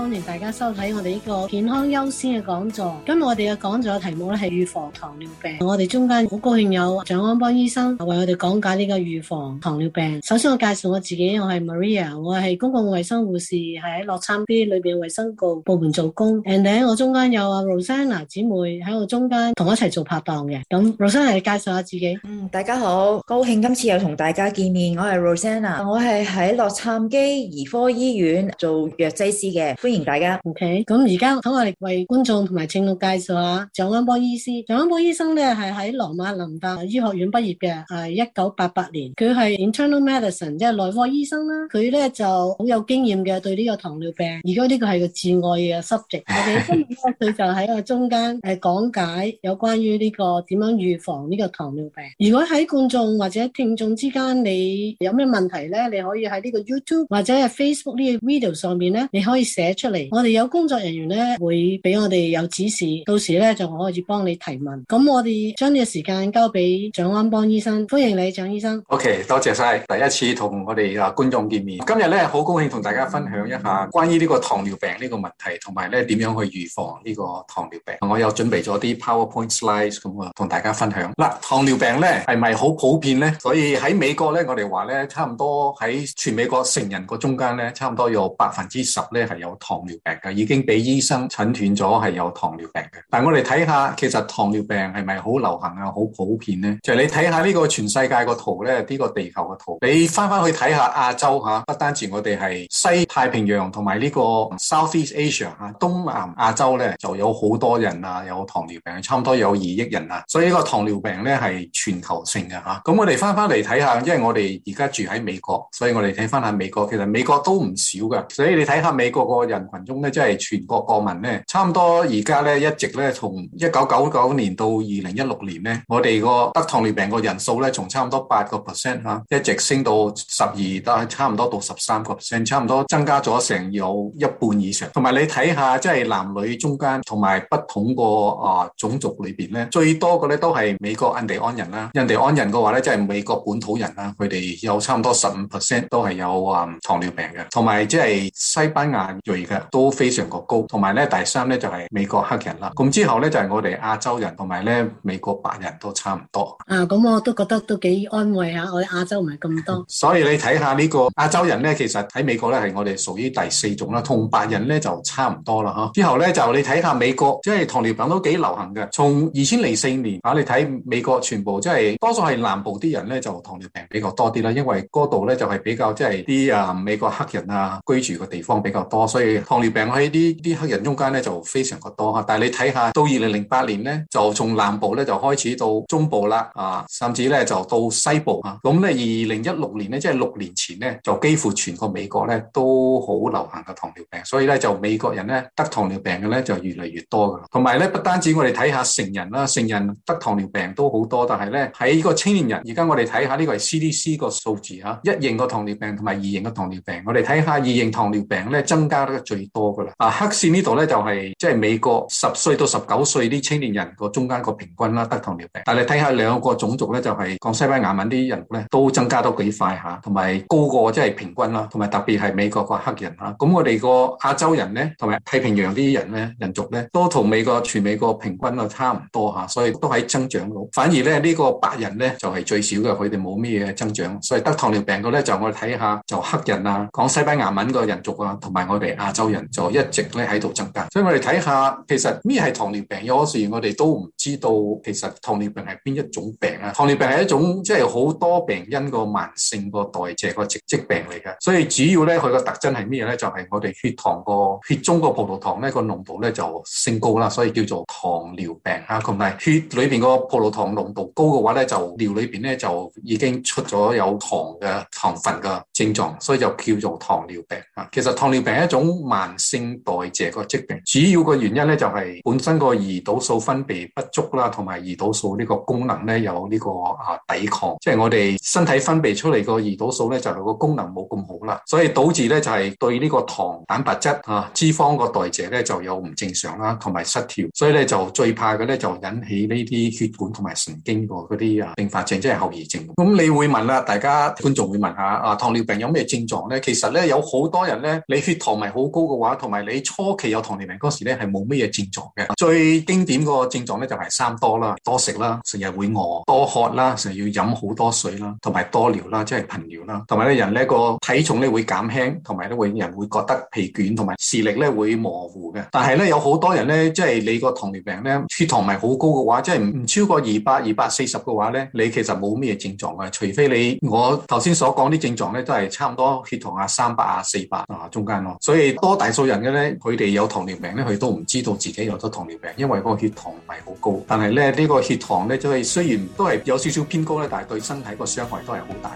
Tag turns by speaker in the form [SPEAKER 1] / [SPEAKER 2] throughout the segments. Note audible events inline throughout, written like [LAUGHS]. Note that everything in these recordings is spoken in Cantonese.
[SPEAKER 1] 歡迎大家收睇我哋呢個健康優先嘅講座，今日我哋嘅講座題目咧係預防糖尿病。我哋中間好高興有鄭安邦醫生為我哋講解呢個預防糖尿病。首先我介紹我自己，我係 Maria，我係公共衛生護士，係喺洛杉磯裏邊衛生部部門做工。And 咧我中間有阿 Rosanna 姐妹喺我中間同我一齊做拍檔嘅。咁 Rosanna 介紹下自己。嗯，大家好，高興今次又同大家見面。我係 Rosanna，我係喺洛杉磯兒科醫院做藥劑師嘅，歡迎。大家 OK，咁而家咁我哋為觀眾同埋聽眾介紹下張安波醫師。張安波醫生咧係喺羅馬林達醫學院畢業嘅，係一九八八年。佢係 internal medicine，即係內科醫生啦。佢咧就好有經驗嘅，對呢個糖尿病。而家呢個係個摯愛嘅 subject。咁所以咧，佢就喺個中間誒講解有關於呢個點樣預防呢個糖尿病。如果喺觀眾或者聽眾之間你有咩問題咧，你可以喺呢個 YouTube 或者係 Facebook 呢個 video 上面咧，你可以寫。出嚟，我哋有工作人員咧會俾我哋有指示，到時咧就可以幫你提問。咁我哋將呢個時間交俾蔣安邦醫生，歡迎你，蔣醫生。
[SPEAKER 2] OK，多謝晒。第一次同我哋啊觀眾見面。今日咧好高興同大家分享一下關於呢個糖尿病呢個問題，同埋咧點樣去預防呢個糖尿病。我有準備咗啲 PowerPoint slides 咁啊，同大家分享。嗱，糖尿病咧係咪好普遍咧？所以喺美國咧，我哋話咧差唔多喺全美國成人個中間咧，差唔多有百分之十咧係有糖糖尿病嘅，已經俾醫生診斷咗係有糖尿病嘅。但係我哋睇下，其實糖尿病係咪好流行啊、好普遍呢，就係、你睇下呢個全世界個圖呢，呢、呢個地球嘅圖，你翻翻去睇下亞洲嚇，不單止我哋係西太平洋同埋呢個 South East Asia 嚇東南亞洲呢，就有好多人啊，有糖尿病，差唔多有二億人啊。所以呢個糖尿病呢係全球性嘅嚇。咁、嗯、我哋翻翻嚟睇下，因為我哋而家住喺美國，所以我哋睇翻下美國，其實美國都唔少噶。所以你睇下美國個人，人群中咧，即係全國國民咧，差唔多而家咧一直咧，從一九九九年到二零一六年咧，我哋個得糖尿病個人數咧，從差唔多八個 percent 嚇，一直升到十二，都係差唔多到十三個 percent，差唔多增加咗成有一半以上。同埋你睇下，即係男女中間，同埋不同個啊種族裏邊咧，最多嘅咧都係美國印第安人啦。印第安人嘅話咧，即係美國本土人啦，佢哋有差唔多十五 percent 都係有啊糖尿病嘅。同埋即係西班牙裔。都非常過高，同埋咧第三咧就係、是、美國黑人啦。咁之後咧就係、是、我哋亞洲人，同埋咧美國白人都差唔多。
[SPEAKER 1] 啊，咁、嗯、我都覺得都幾安慰下、啊、我哋亞洲唔係咁多。
[SPEAKER 2] [LAUGHS] 所以你睇下呢、這個亞洲人咧，其實喺美國咧係我哋屬於第四種啦，同白人咧就差唔多啦嚇。之後咧就你睇下美國，即係糖尿病都幾流行嘅。從二千零四年啊，你睇美國全部即係多數係南部啲人咧就糖尿病比較多啲啦，因為嗰度咧就係比較即係啲啊美國黑人啊居住嘅地方比較多，所以。糖尿病喺呢啲黑人中間咧就非常嘅多嚇，但係你睇下到二零零八年咧，就從南部咧就開始到中部啦，啊，甚至咧就到西部啊，咁咧二零一六年咧即係六年前咧就幾乎全個美國咧都好流行嘅糖尿病，所以咧就美國人咧得糖尿病嘅咧就越嚟越多噶，同埋咧不單止我哋睇下成人啦，成人得糖尿病都好多，但係咧喺個青年人，而家我哋睇下呢個係 CDC 個數字嚇，一型個糖尿病同埋二型個糖尿病，我哋睇下二型糖尿病咧增加最多噶啦，啊，黑線呢度咧就係即係美國十歲到十九歲啲青年人個中間個平均啦，得糖尿病。但係睇下兩個種族咧，就係講西班牙文啲人咧都增加得幾快嚇，同埋高過即係平均啦，同埋特別係美國個黑人嚇。咁我哋個亞洲人咧，同埋太平洋啲人咧，人族咧都同美國全美國平均啊差唔多嚇，所以都喺增長到。反而咧呢個白人咧就係最少嘅，佢哋冇咩嘢增長，所以得糖尿病嘅咧就我哋睇下就黑人啊，講西班牙文個人族啊，同埋我哋亞洲。有人就一直咧喺度增加，所以我哋睇下，其實咩係糖尿病？有時我哋都唔知道，其實糖尿病係邊一種病啊？糖尿病係一種即係好多病因個慢性個代謝個疾病嚟嘅，所以主要咧佢個特徵係咩咧？就係、是、我哋血糖個血中個葡萄糖咧個濃度咧就升高啦，所以叫做糖尿病嚇。咁、啊、咪血裏邊個葡萄糖濃度高嘅話咧，就尿裏邊咧就已經出咗有糖嘅糖分嘅症狀，所以就叫做糖尿病嚇、啊。其實糖尿病係一種。慢性代謝個疾病主要個原因咧，就係本身個胰島素分泌不足啦，同埋胰島素呢個功能咧有呢個啊抵抗，即係我哋身體分泌出嚟個胰島素咧，就個功能冇咁好啦，所以導致咧就係對呢個糖、蛋白質啊、脂肪個代謝咧就有唔正常啦，同埋失調，所以咧就最怕嘅咧就引起呢啲血管同埋神經個嗰啲啊併發症，即係後遺症。咁你會問啦，大家觀眾會問下啊，糖尿病有咩症狀咧？其實咧有好多人咧，你血糖咪好高嘅話，同埋你初期有糖尿病嗰時咧，係冇咩嘢症狀嘅。最經典個症狀咧就係三多啦，多食啦，成日會餓，多渴啦，成日要飲好多水啦，同埋多尿啦，即係頻尿啦。同埋咧，人咧個體重咧會減輕，同埋咧會人會覺得疲倦，同埋視力咧會模糊嘅。但係咧有好多人咧，即係你個糖尿病咧血糖唔係好高嘅話，即係唔超過二百二百四十嘅話咧，你其實冇咩嘢症狀嘅。除非你我頭先所講啲症狀咧，都係差唔多血糖 300, 400，啊三百啊四百啊中間咯，所以。多大數人嘅咧，佢哋有糖尿病咧，佢都唔知道自己有咗糖尿病，因為個血糖唔係好高。但係咧，呢個血糖咧，即係雖然都係有少少偏高咧，但係對身體個傷害都係好大。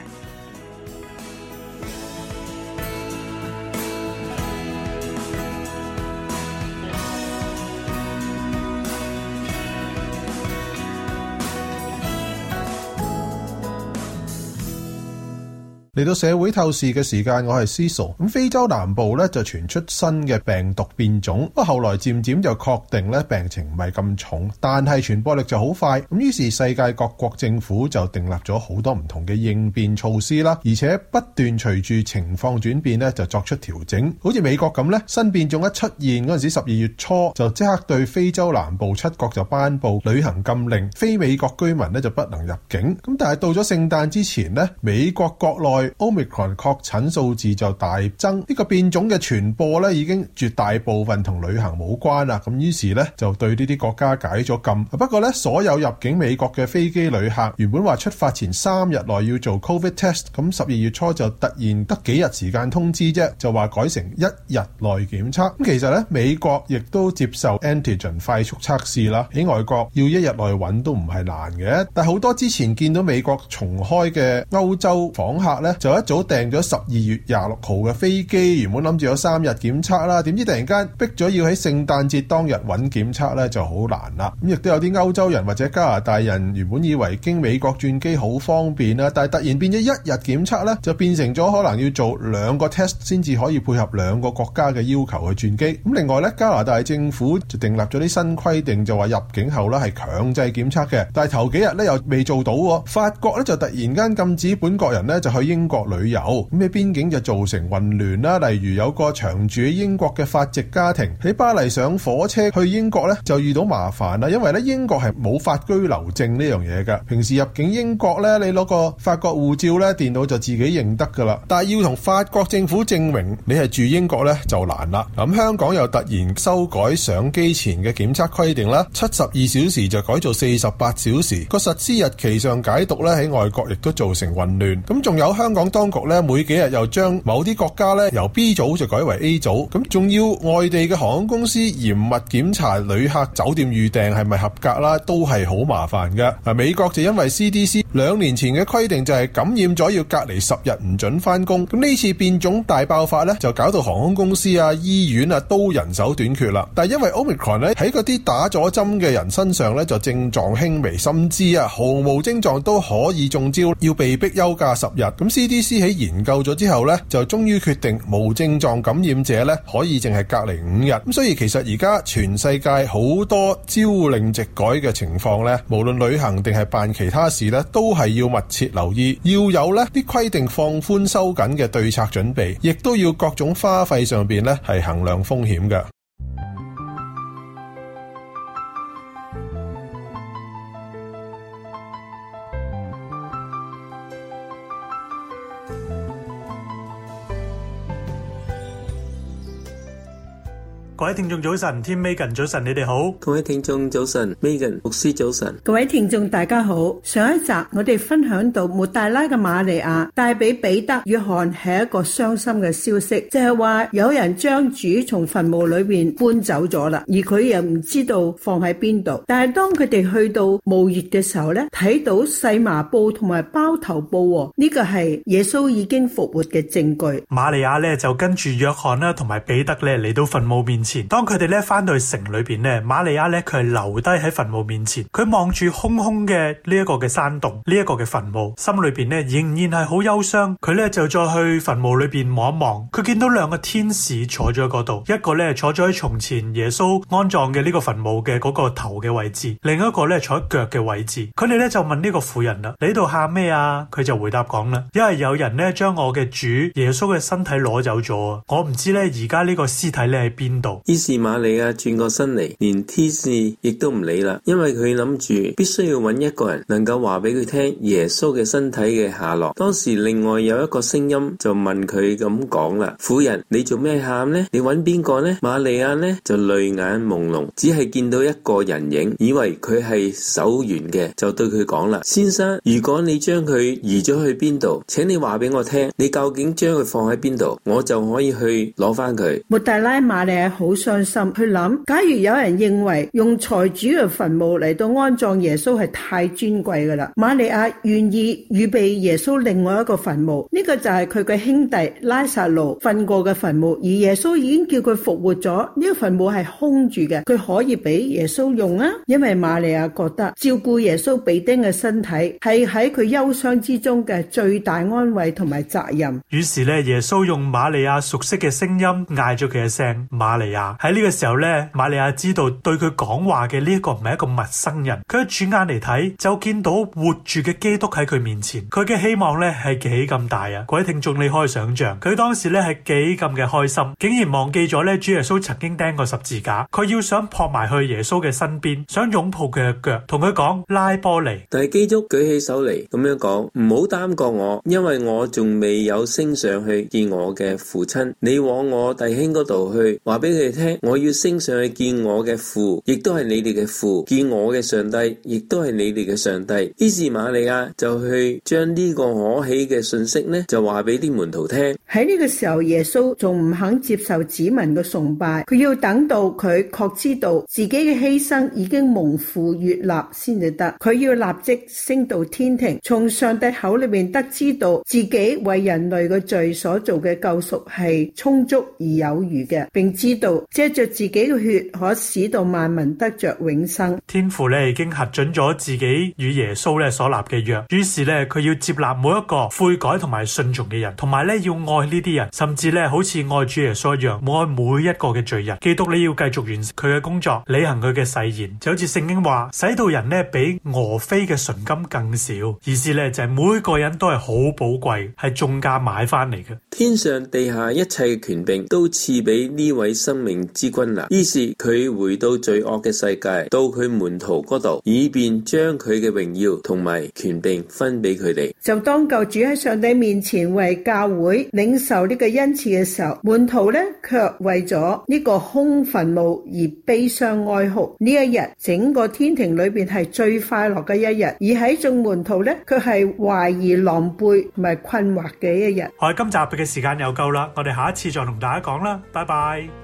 [SPEAKER 3] 嚟到社會透視嘅時間，我係思熟。咁非洲南部咧就傳出新嘅病毒變種，不過後來漸漸就確定咧病情唔係咁重，但係傳播力就好快。咁於是世界各國政府就訂立咗好多唔同嘅應變措施啦，而且不斷隨住情況轉變咧就作出調整。好似美國咁咧，新變種一出現嗰陣時，十二月初就即刻對非洲南部七國就頒布旅行禁令，非美國居民咧就不能入境。咁但係到咗聖誕之前呢，美國國內 Omicron 確診數字就大增，呢個變種嘅傳播咧已經絕大部分同旅行冇關啦。咁於是咧就對呢啲國家解咗禁。不過咧，所有入境美國嘅飛機旅客原本話出發前三日內要做 COVID test，咁十二月初就突然得幾日時間通知啫，就話改成一日內檢測。咁其實咧，美國亦都接受 antigen 快速測試啦。喺外國要一日內揾都唔係難嘅，但好多之前見到美國重開嘅歐洲訪客咧。就一早訂咗十二月廿六號嘅飛機，原本諗住有三日檢測啦，點知突然間逼咗要喺聖誕節當日揾檢測咧，就好難啦。咁亦都有啲歐洲人或者加拿大人，原本以為經美國轉機好方便啦，但係突然變咗一日檢測咧，就變成咗可能要做兩個 test 先至可以配合兩個國家嘅要求去轉機，咁另外咧，加拿大政府就訂立咗啲新規定，就話入境後咧係強制檢測嘅，但係頭幾日咧又未做到。法國咧就突然間禁止本國人咧就去英。英國旅遊，咁喺邊境就造成混亂啦。例如有個長住喺英國嘅法籍家庭，喺巴黎上火車去英國咧，就遇到麻煩啦。因為咧英國係冇發居留證呢樣嘢噶，平時入境英國咧，你攞個法國護照咧，電腦就自己認得噶啦。但係要同法國政府證明你係住英國咧，就難啦。咁香港又突然修改上機前嘅檢測規定啦，七十二小時就改做四十八小時，個實施日期上解讀咧喺外國亦都造成混亂。咁仲有香。香港當局咧，每幾日又將某啲國家咧由 B 組就改為 A 組，咁仲要外地嘅航空公司嚴密檢查旅客酒店預訂係咪合格啦，都係好麻煩㗎。啊，美國就因為 CDC 兩年前嘅規定就係感染咗要隔離十日唔准翻工，咁呢次變種大爆發咧就搞到航空公司啊、醫院啊都人手短缺啦。但係因為 Omicron 咧喺嗰啲打咗針嘅人身上咧就症狀輕微，甚至啊毫無症狀都可以中招，要被逼休假十日。咁呢啲 CDC 喺研究咗之後咧，就終於決定無症狀感染者咧可以淨係隔離五日。咁所以其實而家全世界好多朝令夕改嘅情況咧，無論旅行定係辦其他事咧，都係要密切留意，要有呢啲規定放寬收緊嘅對策準備，亦都要各種花費上邊咧係衡量風險嘅。
[SPEAKER 4] 各位聽眾早晨，天美琴早晨，你哋好。各位聽眾早晨，美琴牧師早晨。
[SPEAKER 1] 各位
[SPEAKER 5] 聽眾大家好。上一集我哋分享到，抹大拉嘅瑪利亞帶俾彼得、約翰係一個傷心嘅消息，就係話有人將主從墳墓裏邊搬走咗啦，而佢又唔知道放喺邊度。但係當佢哋去到墓穴嘅時候咧，睇到細麻布同埋包頭布，呢個係耶穌已經復活嘅證據。
[SPEAKER 4] 瑪利亞咧就跟住約翰啦，同埋彼得咧嚟到墳墓面前。當佢哋咧翻到去城裏邊咧，瑪利亞咧佢係留低喺墳墓面前，佢望住空空嘅呢一個嘅山洞，呢一個嘅墳墓，心裏邊咧仍然係好憂傷。佢咧就再去墳墓裏邊望一望，佢見到兩個天使坐咗喺嗰度，一個咧坐咗喺從前耶穌安葬嘅呢個墳墓嘅嗰個頭嘅位置，另一個咧坐喺腳嘅位置。佢哋咧就問呢個婦人啦：，你喺度喊咩啊？佢就回答講啦：，因為有人咧將我嘅主耶穌嘅身體攞走咗，我唔知咧而家呢個屍體咧喺邊度。
[SPEAKER 6] 於是瑪利亞轉過身嚟，連天使亦都唔理啦，因為佢諗住必須要揾一個人能夠話俾佢聽耶穌嘅身體嘅下落。當時另外有一個聲音就問佢咁講啦：，婦人，你做咩喊呢？你揾邊個呢？瑪利亞呢就淚眼朦朧，只係見到一個人影，以為佢係守園嘅，就對佢講啦：，先生，如果你將佢移咗去邊度，請你話俾我聽，你究竟將佢放喺邊度，我就可以去攞翻佢。
[SPEAKER 5] 抹大拉瑪利亞。好傷心，去諗假如有人認為用財主嘅墳墓嚟到安葬耶穌係太尊貴噶啦，瑪利亞願意預備耶穌另外一個墳墓，呢個就係佢嘅兄弟拉撒路瞓過嘅墳墓，而耶穌已經叫佢復活咗，呢個墳墓係空住嘅，佢可以俾耶穌用啊，因為瑪利亞覺得照顧耶穌被釘嘅身體係喺佢憂傷之中嘅最大安慰同埋責
[SPEAKER 4] 任。於是咧，耶穌用瑪利亞熟悉嘅聲音嗌咗佢一聲瑪利亞喺呢個時候咧，瑪利亞知道對佢講話嘅呢一個唔係一個陌生人，佢一轉眼嚟睇就見到活住嘅基督喺佢面前，佢嘅希望咧係幾咁大啊！各位聽眾你可以想象，佢當時咧係幾咁嘅開心，竟然忘記咗咧主耶穌曾經釘過十字架，佢要想撲埋去耶穌嘅身邊，想擁抱佢嘅腳，同佢講「拉
[SPEAKER 6] 波尼！」但係基督舉起手嚟咁樣講，唔好耽過我，因為我仲未有升上去見我嘅父親，你往我弟兄嗰度去，話俾佢。我要升上去見我嘅父，亦都係你哋嘅父；見我嘅上帝，亦都係你哋嘅上帝。於是瑪利亞就去將呢個可喜嘅信息呢，就話俾啲門徒聽。
[SPEAKER 5] 喺呢個時候，耶穌仲唔肯接受子民嘅崇拜，佢要等到佢確知道自己嘅犧牲已經蒙父悅納先至得。佢要立即升到天庭，從上帝口裏面得知到自己為人類嘅罪所做嘅救贖係充足而有餘嘅，並知道。借着自己嘅血，可使到萬民得着永生。
[SPEAKER 4] 天父咧已經核准咗自己與耶穌咧所立嘅約，於是咧佢要接納每一個悔改同埋信從嘅人，同埋咧要愛呢啲人，甚至咧好似愛主耶穌一樣，愛每一個嘅罪人。基督你要繼續完成佢嘅工作，履行佢嘅誓言，就好似聖經話，使到人咧比俄非嘅純金更少，意思咧就係、是、每個人都係好寶貴，係重價
[SPEAKER 6] 買翻嚟嘅。天上地下一切嘅權柄都賜俾呢位生命之君啦。於是佢回到罪惡嘅世界，到佢門徒嗰度，以便將佢嘅榮耀同埋權柄分俾佢哋。
[SPEAKER 5] 就當舊主喺上帝面前為教會領受呢個恩賜嘅時候，門徒呢卻為咗呢個空墳墓而悲傷哀哭。呢一日整個天庭裏邊係最快樂嘅一日，而喺眾門徒呢佢係懷疑狼狽同埋困惑嘅一日。
[SPEAKER 4] 喺今集俾佢。時間又夠啦，我哋下一次再同大家講啦，拜拜。